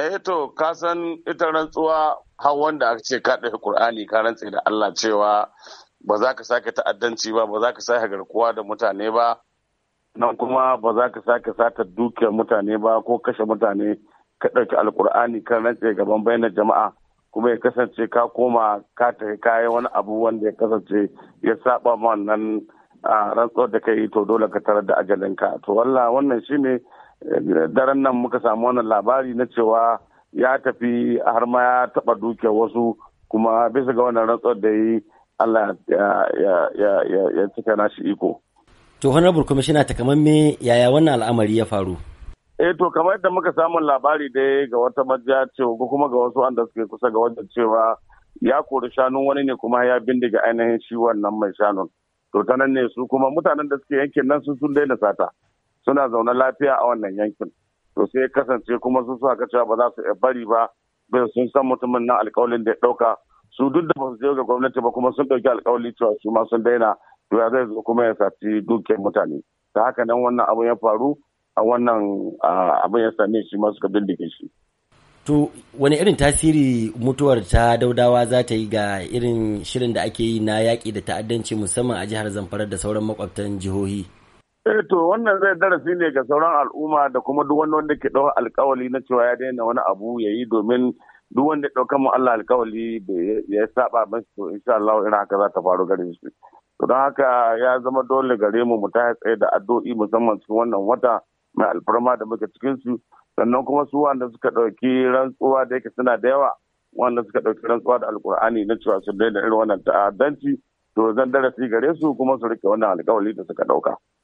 eh to ka san ita rantsuwa har wanda aka ce ka ɗaya Kur'ani ka rantse da Allah cewa ba za ka sake ta'addanci ba ba za ka sake garkuwa da mutane ba nan kuma ba za ka sake sata dukiyar mutane ba ko kashe mutane ka ɗauki alkur'ani ka rantse gaban bayanan jama'a kuma ya kasance ka koma ka tafi kayi wani abu wanda ya kasance ya saba ma wannan ah, rantsuwar da ka yi to dole ka tarar da ajalinka to wallah wannan shine daren nan muka samu wannan labari na cewa ya tafi har ma ya taba duke wasu kuma bisa ga wannan rantsar da yi Allah ya cika nashi iko. To honorable commissioner takamamme yaya wannan al'amari ya faru? Eh to kamar yadda muka samu labari dai ga wata majiya cewa ko kuma ga wasu wanda suke kusa ga wajen cewa ya kori shanun wani ne kuma ya bindiga ainihin shi wannan mai shanun. To ta nan ne su kuma mutanen da suke yankin nan sun sun daina sata. suna zaune lafiya a wannan yankin to sai kasance kuma su suka cewa ba za su bari ba bai sun san mutumin nan alkawalin da ya dauka su duk da ba su je ga gwamnati ba kuma sun dauki alkawali cewa su ma sun daina to ya zai zo kuma ya saci dukiyar mutane ta haka nan wannan abun ya faru a wannan abun ya same shi ma suka bindige shi To wani irin tasiri mutuwar ta daudawa za ta yi ga irin shirin da ake yi na yaƙi da ta'addanci musamman a jihar Zamfara da sauran makwabtan jihohi? Eh to wannan zai darasi ne ga sauran al'umma da kuma duk wanda wanda ke ɗaukar alkawali na cewa ya daina wani abu ya yi domin duk wanda ya ɗauka mu Allah alkawali ya saba ba to insha Allah irin haka za ta faru gare su To don haka ya zama dole gare mu mu ta tsaye da addu'o'i musamman su wannan wata mai alfarma da muke cikin su sannan kuma su wanda suka ɗauki rantsuwa da yake suna da yawa wanda suka ɗauki rantsuwa da alkur'ani na cewa su daina irin wannan ta'addanci to zan darasi gare su kuma su rike wannan alkawali da suka ɗauka.